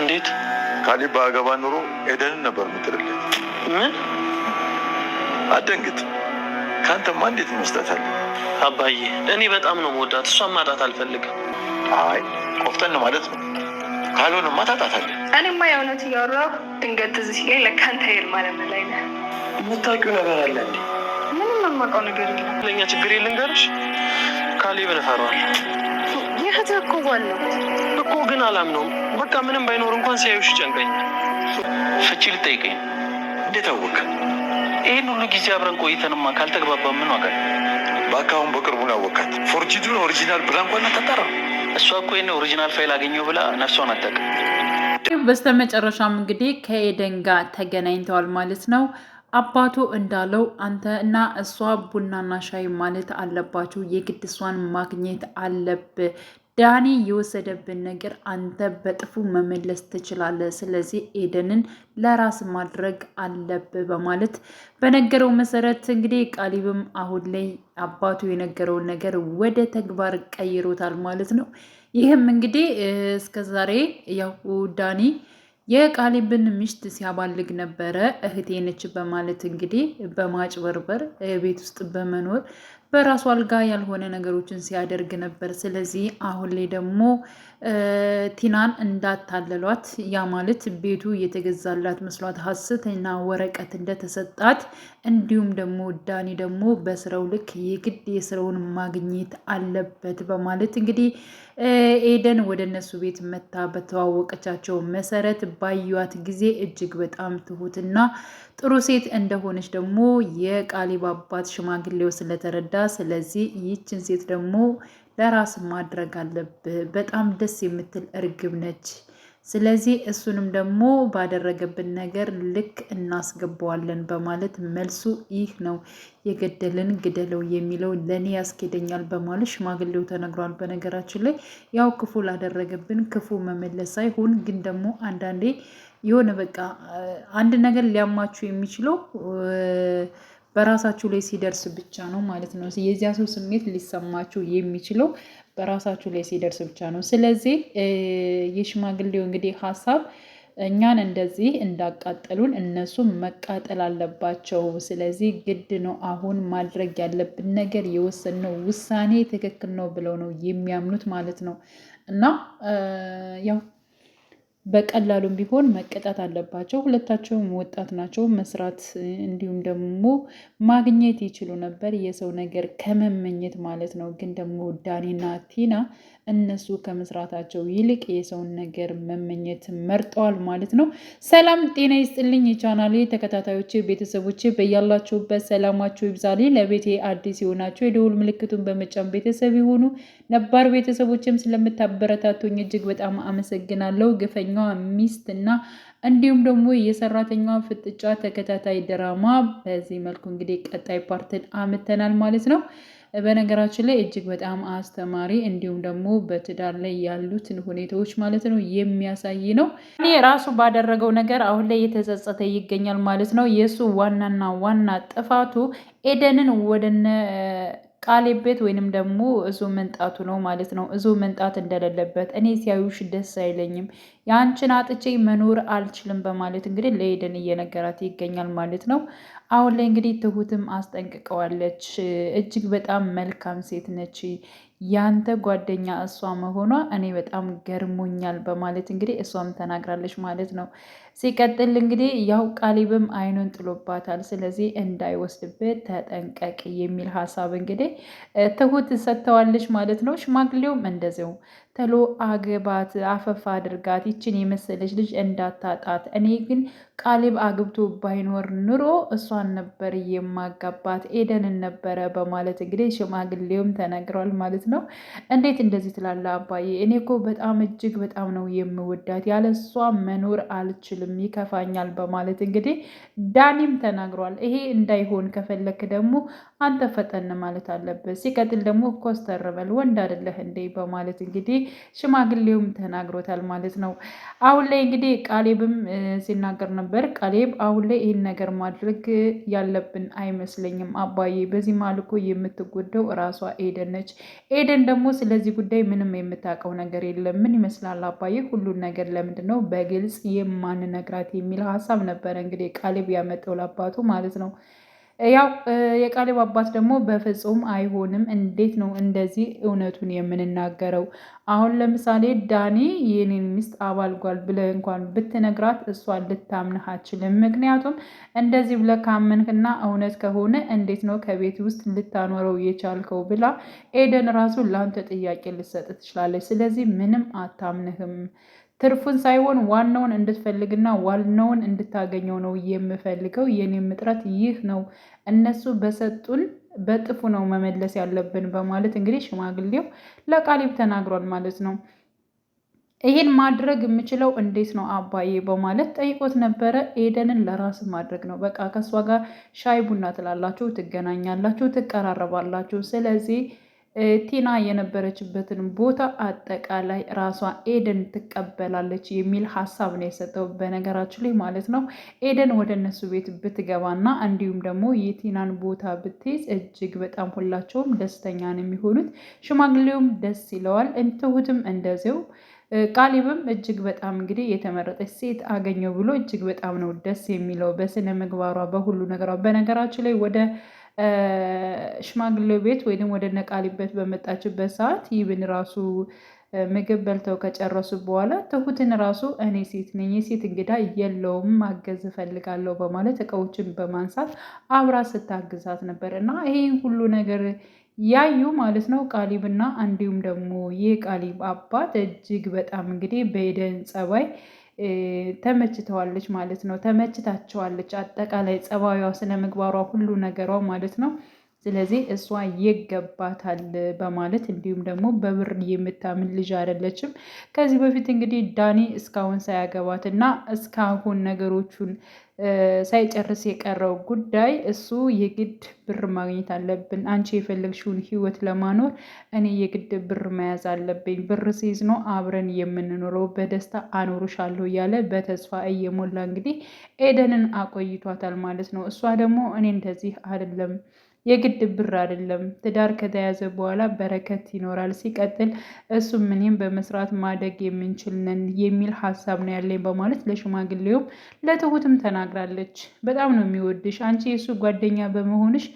እንዴት ካሌብ በአገባ ኑሮ ኤደንን ነበር ምትልልኝ። ምን አደንግጥ። ከአንተማ እንዴት መስጠታል? አባዬ እኔ በጣም ነው መወዳት፣ እሷ ማጣት አልፈልግም። አይ ቆፍጠን ማለት ነው፣ ካልሆነማ ታጣታለህ። እኔማ የእውነት እያወራሁ ድንገት ትዝ ሲገኝ ለካ አንተ ማለት ነው ነህ። የምታውቂው ነገር አለ እንዴ? ምንም የማውቀው ነገር የለም። ለእኛ ችግር ልንገርሽ፣ ካሌብን እፈራዋለሁ። ይህ እኮ ነው እኮ ግን አላምነውም በቃ ምንም ባይኖር እንኳን ሲያዩሽ ይጨንቀኛል። ፍቺ ልጠይቀኝ እንዴት አወቅ? ይህን ሁሉ ጊዜ አብረን ቆይተንማ ካልተግባባ ምን ዋጋ? በአካሁን በቅርቡን ያወቃት ፎርጂዱን ኦሪጂናል ብላ እንኳን አታጣራ። እሷ እኮ ይህን ኦሪጂናል ፋይል አገኘው ብላ ነፍሷን አጠቅ። በስተመጨረሻም እንግዲህ ከኤደን ጋር ተገናኝተዋል ማለት ነው። አባቱ እንዳለው አንተ እና እሷ ቡናና ሻይ ማለት አለባችሁ፣ የግድ እሷን ማግኘት አለብ ዳኒ የወሰደብን ነገር አንተ በጥፉ መመለስ ትችላለህ። ስለዚህ ኤደንን ለራስ ማድረግ አለብህ በማለት በነገረው መሰረት እንግዲህ ቃሊብም አሁን ላይ አባቱ የነገረውን ነገር ወደ ተግባር ቀይሮታል ማለት ነው። ይህም እንግዲህ እስከዛሬ ያው ዳኒ የቃሊብን ምሽት ሲያባልግ ነበረ። እህቴ ነች በማለት እንግዲህ በማጭበርበር ቤት ውስጥ በመኖር በራሱ አልጋ ያልሆነ ነገሮችን ሲያደርግ ነበር። ስለዚህ አሁን ላይ ደግሞ ቲናን እንዳታለሏት፣ ያ ማለት ቤቱ የተገዛላት መስሏት ሀሰተኛ ወረቀት እንደተሰጣት እንዲሁም ደግሞ ዳኒ ደግሞ በስራው ልክ የግድ የስራውን ማግኘት አለበት በማለት እንግዲህ ኤደን ወደ እነሱ ቤት መታ በተዋወቀቻቸው መሰረት ባዩዋት ጊዜ እጅግ በጣም ትሁትና ጥሩ ሴት እንደሆነች ደግሞ የቃሊብ አባት ሽማግሌው ስለተረዳ ስለዚህ ይህችን ሴት ደግሞ ለራስ ማድረግ አለብህ። በጣም ደስ የምትል እርግብ ነች። ስለዚህ እሱንም ደግሞ ባደረገብን ነገር ልክ እናስገባዋለን በማለት መልሱ ይህ ነው። የገደልን ግደለው የሚለው ለእኔ ያስኬደኛል በማለት ሽማግሌው ተነግሯል። በነገራችን ላይ ያው ክፉ ላደረገብን ክፉ መመለስ ሳይሆን ግን ደግሞ አንዳንዴ የሆነ በቃ አንድ ነገር ሊያማችሁ የሚችለው በራሳችሁ ላይ ሲደርስ ብቻ ነው ማለት ነው። የዚያ ሰው ስሜት ሊሰማችሁ የሚችለው በራሳችሁ ላይ ሲደርስ ብቻ ነው። ስለዚህ የሽማግሌው እንግዲህ ሀሳብ እኛን እንደዚህ እንዳቃጠሉን እነሱ መቃጠል አለባቸው። ስለዚህ ግድ ነው አሁን ማድረግ ያለብን ነገር የወሰነው ውሳኔ ትክክል ነው ብለው ነው የሚያምኑት ማለት ነው እና ያው በቀላሉም ቢሆን መቀጣት አለባቸው። ሁለታቸውም ወጣት ናቸው። መስራት እንዲሁም ደግሞ ማግኘት ይችሉ ነበር፣ የሰው ነገር ከመመኘት ማለት ነው። ግን ደግሞ ዳኒና ቲና እነሱ ከመስራታቸው ይልቅ የሰውን ነገር መመኘት መርጠዋል ማለት ነው። ሰላም ጤና ይስጥልኝ የቻናሌ ተከታታዮች ቤተሰቦች፣ በያላችሁበት ሰላማችሁ ይብዛል ለቤቴ አዲስ የሆናችሁ የደውል ምልክቱን በመጫን ቤተሰብ የሆኑ ነባር ቤተሰቦችም ስለምታበረታቱኝ እጅግ በጣም አመሰግናለሁ። ግፈኝ የሰራተኛዋ ሚስት እና እንዲሁም ደግሞ የሰራተኛዋ ፍጥጫ ተከታታይ ድራማ በዚህ መልኩ እንግዲህ ቀጣይ ፓርትን አምተናል ማለት ነው። በነገራችን ላይ እጅግ በጣም አስተማሪ እንዲሁም ደግሞ በትዳር ላይ ያሉትን ሁኔታዎች ማለት ነው የሚያሳይ ነው። እኔ ራሱ ባደረገው ነገር አሁን ላይ የተጸጸተ ይገኛል ማለት ነው። የእሱ ዋናና ዋና ጥፋቱ ኤደንን ወደነ ቃሌ ቤት ወይንም ደግሞ እዙ መንጣቱ ነው ማለት ነው። እዙ መንጣት እንደሌለበት እኔ ሲያዩሽ ደስ አይለኝም፣ የአንችን አጥቼ መኖር አልችልም በማለት እንግዲህ ለሄደን እየነገራት ይገኛል ማለት ነው። አሁን ላይ እንግዲህ ትሁትም አስጠንቅቀዋለች። እጅግ በጣም መልካም ሴት ነች፣ ያንተ ጓደኛ እሷ መሆኗ እኔ በጣም ገርሞኛል በማለት እንግዲህ እሷም ተናግራለች ማለት ነው። ሲቀጥል እንግዲህ ያው ቃሊብም አይኑን ጥሎባታል። ስለዚህ እንዳይወስድብህ ተጠንቀቅ የሚል ሀሳብ እንግዲህ ትሁት ሰጥተዋለች ማለት ነው። ሽማግሌውም እንደዚሁ ተሎ አግባት፣ አፈፋ አድርጋት፣ ይችን የመሰለች ልጅ እንዳታጣት። እኔ ግን ቃሊብ አግብቶ ባይኖር ኑሮ እሷን ነበር የማጋባት ኤደንን ነበረ በማለት እንግዲህ ሽማግሌውም ተነግሯል ማለት ነው። እንዴት እንደዚህ ትላለህ አባዬ? እኔ እኮ በጣም እጅግ በጣም ነው የምወዳት፣ ያለ እሷ መኖር አልችልም አልችልም፣ ይከፋኛል በማለት እንግዲህ ዳኒም ተናግሯል። ይሄ እንዳይሆን ከፈለክ ደግሞ አንተ ፈጠን ማለት አለብህ። ሲቀጥል ደግሞ ኮስተር በል ወንድ አይደለህ እንዴ? በማለት እንግዲህ ሽማግሌውም ተናግሮታል ማለት ነው። አሁን ላይ እንግዲህ ቃሌብም ሲናገር ነበር። ቃሌብ አሁን ላይ ይህን ነገር ማድረግ ያለብን አይመስለኝም አባዬ፣ በዚህ ማልኮ የምትጎደው እራሷ ኤደን ነች። ኤደን ደግሞ ስለዚህ ጉዳይ ምንም የምታውቀው ነገር የለም። ምን ይመስላል አባዬ? ሁሉን ነገር ለምንድን ነው በግልጽ የማንነግራት? የሚል ሀሳብ ነበረ እንግዲህ ቃሌብ ያመጣው ለአባቱ ማለት ነው። ያው የቃሌብ አባት ደግሞ በፍጹም አይሆንም፣ እንዴት ነው እንደዚህ እውነቱን የምንናገረው? አሁን ለምሳሌ ዳኒ የኔን ሚስት አባልጓል ብለህ እንኳን ብትነግራት እሷን ልታምንህ አትችልም። ምክንያቱም እንደዚህ ብለህ ካመንክና እውነት ከሆነ እንዴት ነው ከቤት ውስጥ ልታኖረው የቻልከው ብላ ኤደን ራሱ ለአንተ ጥያቄ ልሰጥ ትችላለች። ስለዚህ ምንም አታምንህም ትርፉን ሳይሆን ዋናውን እንድትፈልግና ዋናውን እንድታገኘው ነው የምፈልገው። የኔም ጥረት ይህ ነው። እነሱ በሰጡን በጥፉ ነው መመለስ ያለብን በማለት እንግዲህ ሽማግሌው ለቃሊብ ተናግሯል ማለት ነው። ይህን ማድረግ የምችለው እንዴት ነው አባዬ በማለት ጠይቆት ነበረ። ኤደንን ለራስ ማድረግ ነው። በቃ ከእሷ ጋር ሻይ ቡና ትላላችሁ፣ ትገናኛላችሁ፣ ትቀራረባላችሁ። ስለዚህ ቲና የነበረችበትን ቦታ አጠቃላይ ራሷ ኤደን ትቀበላለች የሚል ሀሳብ ነው የሰጠው። በነገራችን ላይ ማለት ነው ኤደን ወደ እነሱ ቤት ብትገባና እንዲሁም ደግሞ የቲናን ቦታ ብትይዝ እጅግ በጣም ሁላቸውም ደስተኛ ነው የሚሆኑት። ሽማግሌውም ደስ ይለዋል፣ እንትሁትም እንደዚው ቃሊብም እጅግ በጣም እንግዲህ የተመረጠች ሴት አገኘው ብሎ እጅግ በጣም ነው ደስ የሚለው በስነ ምግባሯ፣ በሁሉ ነገሯ። በነገራችን ላይ ወደ ሽማግሌው ቤት ወይም ወደ ነቃሊበት በመጣችበት ሰዓት ይብን ራሱ ምግብ በልተው ከጨረሱ በኋላ ትሁትን ራሱ እኔ ሴት ነኝ የሴት እንግዳ የለውም ማገዝ እፈልጋለሁ በማለት እቃዎችን በማንሳት አብራ ስታግዛት ነበር እና ይሄን ሁሉ ነገር ያዩ ማለት ነው ቃሊብና እንዲሁም ደግሞ ይህ ቃሊብ አባት እጅግ በጣም እንግዲህ በኤደን ጸባይ ተመችተዋለች ማለት ነው። ተመችታቸዋለች። አጠቃላይ ጸባዩዋ፣ ስነ ምግባሯ፣ ሁሉ ነገሯ ማለት ነው። ስለዚህ እሷ ይገባታል በማለት እንዲሁም ደግሞ በብር የምታምን ልጅ አይደለችም። ከዚህ በፊት እንግዲህ ዳኒ እስካሁን ሳያገባት እና እስካሁን ነገሮቹን ሳይጨርስ የቀረው ጉዳይ እሱ የግድ ብር ማግኘት አለብን፣ አንቺ የፈለግሽውን ህይወት ለማኖር እኔ የግድ ብር መያዝ አለብኝ፣ ብር ሲይዝ ነው አብረን የምንኖረው፣ በደስታ አኖርሻለሁ እያለ በተስፋ እየሞላ እንግዲህ ኤደንን አቆይቷታል ማለት ነው። እሷ ደግሞ እኔ እንደዚህ አይደለም የግድ ብር አይደለም። ትዳር ከተያዘ በኋላ በረከት ይኖራል። ሲቀጥል እሱም እኔም በመስራት ማደግ የምንችል ነን የሚል ሀሳብ ነው ያለኝ በማለት ለሽማግሌውም ለትሁትም ተናግራለች። በጣም ነው የሚወድሽ አንቺ የእሱ ጓደኛ በመሆንሽ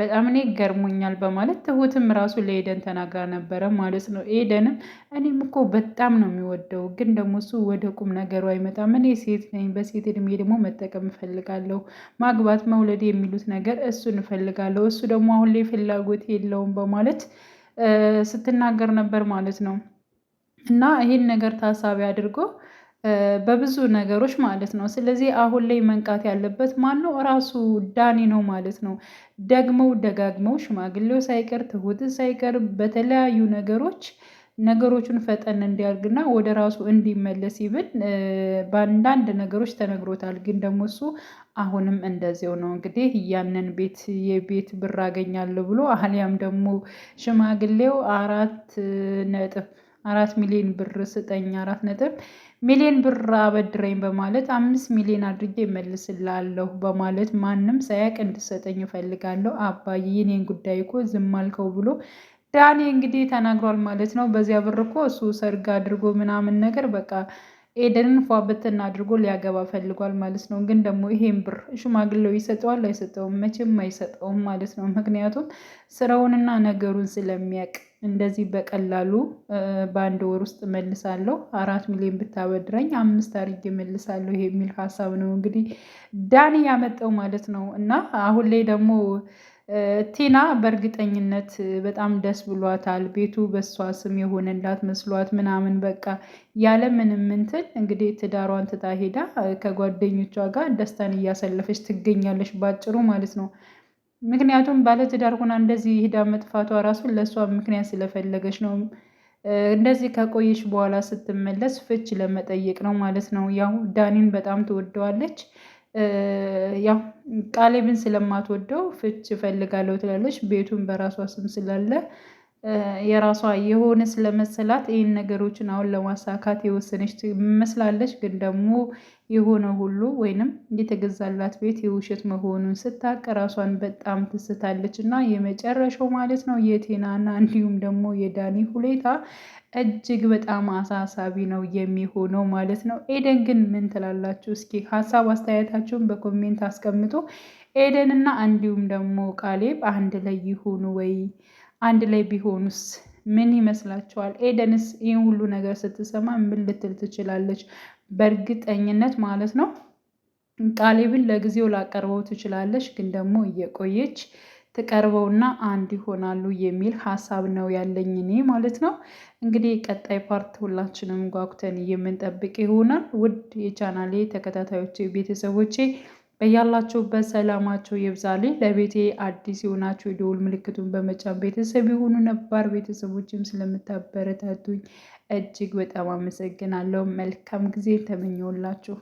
በጣም እኔ ገርሞኛል በማለት ትሁትም ራሱ ለኤደን ተናግራ ነበረ ማለት ነው። ኤደንም እኔም እኮ በጣም ነው የሚወደው ግን ደግሞ እሱ ወደ ቁም ነገሩ አይመጣም። እኔ ሴት ነኝ፣ በሴት እድሜ ደግሞ መጠቀም እፈልጋለሁ። ማግባት፣ መውለድ የሚሉት ነገር እሱን እፈልጋለሁ። እሱ ደግሞ አሁን ላይ ፍላጎት የለውም በማለት ስትናገር ነበር ማለት ነው። እና ይህን ነገር ታሳቢ አድርጎ በብዙ ነገሮች ማለት ነው። ስለዚህ አሁን ላይ መንቃት ያለበት ማነው? ራሱ ዳኒ ነው ማለት ነው። ደግመው ደጋግመው ሽማግሌው ሳይቀር ትሁት ሳይቀር በተለያዩ ነገሮች ነገሮቹን ፈጠን እንዲያርግና ወደ ራሱ እንዲመለስ ይብል በአንዳንድ ነገሮች ተነግሮታል። ግን ደግሞ እሱ አሁንም እንደዚያው ነው። እንግዲህ ያንን ቤት የቤት ብር አገኛለሁ ብሎ አሊያም ደግሞ ሽማግሌው አራት ነጥብ አራት ሚሊዮን ብር ስጠኝ አራት ነጥብ ሚሊዮን ብር አበድረኝ በማለት አምስት ሚሊዮን አድርጌ እመልስላለሁ በማለት ማንም ሳያቅ እንድሰጠኝ እፈልጋለሁ። አባዬ የኔን ጉዳይ እኮ ዝም አልከው ብሎ ዳኔ እንግዲህ ተናግሯል ማለት ነው። በዚያ ብር እኮ እሱ ሰርግ አድርጎ ምናምን ነገር በቃ ኤደንን ፏ ብትን አድርጎ ሊያገባ ፈልጓል ማለት ነው። ግን ደግሞ ይሄን ብር ሽማግሌው ይሰጠዋል አይሰጠውም? መቼም አይሰጠውም ማለት ነው። ምክንያቱም ስራውንና ነገሩን ስለሚያውቅ እንደዚህ በቀላሉ በአንድ ወር ውስጥ መልሳለሁ፣ አራት ሚሊዮን ብታበድረኝ አምስት አድርጌ መልሳለሁ የሚል ሀሳብ ነው እንግዲህ ዳኒ ያመጣው ማለት ነው እና አሁን ላይ ደግሞ ቴና በእርግጠኝነት በጣም ደስ ብሏታል። ቤቱ በሷ ስም የሆነላት መስሏት ምናምን በቃ ያለ ምንም እንትን እንግዲህ ትዳሯን ትታ ሄዳ ከጓደኞቿ ጋር ደስታን እያሳለፈች ትገኛለች ባጭሩ ማለት ነው። ምክንያቱም ባለትዳር ሆና እንደዚህ ሄዳ መጥፋቷ ራሱ ለእሷ ምክንያት ስለፈለገች ነው። እንደዚህ ከቆየች በኋላ ስትመለስ ፍች ለመጠየቅ ነው ማለት ነው። ያው ዳኒን በጣም ትወደዋለች። ያው ቃሌብን ስለማትወደው ፍች እፈልጋለሁ ትላለች። ቤቱን በራሷ ስም ስላለ የራሷ የሆነ ስለመሰላት ይህን ነገሮችን አሁን ለማሳካት የወሰነች ትመስላለች። ግን ደግሞ የሆነ ሁሉ ወይንም የተገዛላት ቤት የውሸት መሆኑን ስታቅ ራሷን በጣም ትስታለች። እና የመጨረሻው ማለት ነው የቴናና እንዲሁም ደግሞ የዳኒ ሁኔታ እጅግ በጣም አሳሳቢ ነው የሚሆነው ማለት ነው። ኤደን ግን ምን ትላላችሁ? እስኪ ሀሳብ አስተያየታችሁን በኮሜንት አስቀምጡ። ኤደን እና እንዲሁም ደግሞ ቃሌብ አንድ ላይ ይሆኑ ወይ? አንድ ላይ ቢሆኑስ ምን ይመስላችኋል? ኤደንስ ይህን ሁሉ ነገር ስትሰማ ምን ልትል ትችላለች? በእርግጠኝነት ማለት ነው ቃሌብን ለጊዜው ላቀርበው ትችላለች፣ ግን ደግሞ እየቆየች ተቀርበውና አንድ ይሆናሉ የሚል ሀሳብ ነው ያለኝ እኔ ማለት ነው። እንግዲህ ቀጣይ ፓርት ሁላችንም ጓጉተን የምንጠብቅ ይሆናል። ውድ የቻናሌ ተከታታዮች ቤተሰቦቼ በያላችሁበት ሰላማቸው ይብዛሌ። ለቤቴ አዲስ የሆናችሁ የደወል ምልክቱን በመጫን ቤተሰብ የሆኑ ነባር ቤተሰቦችም ስለምታበረታቱኝ እጅግ በጣም አመሰግናለሁ። መልካም ጊዜ ተመኘውላችሁ።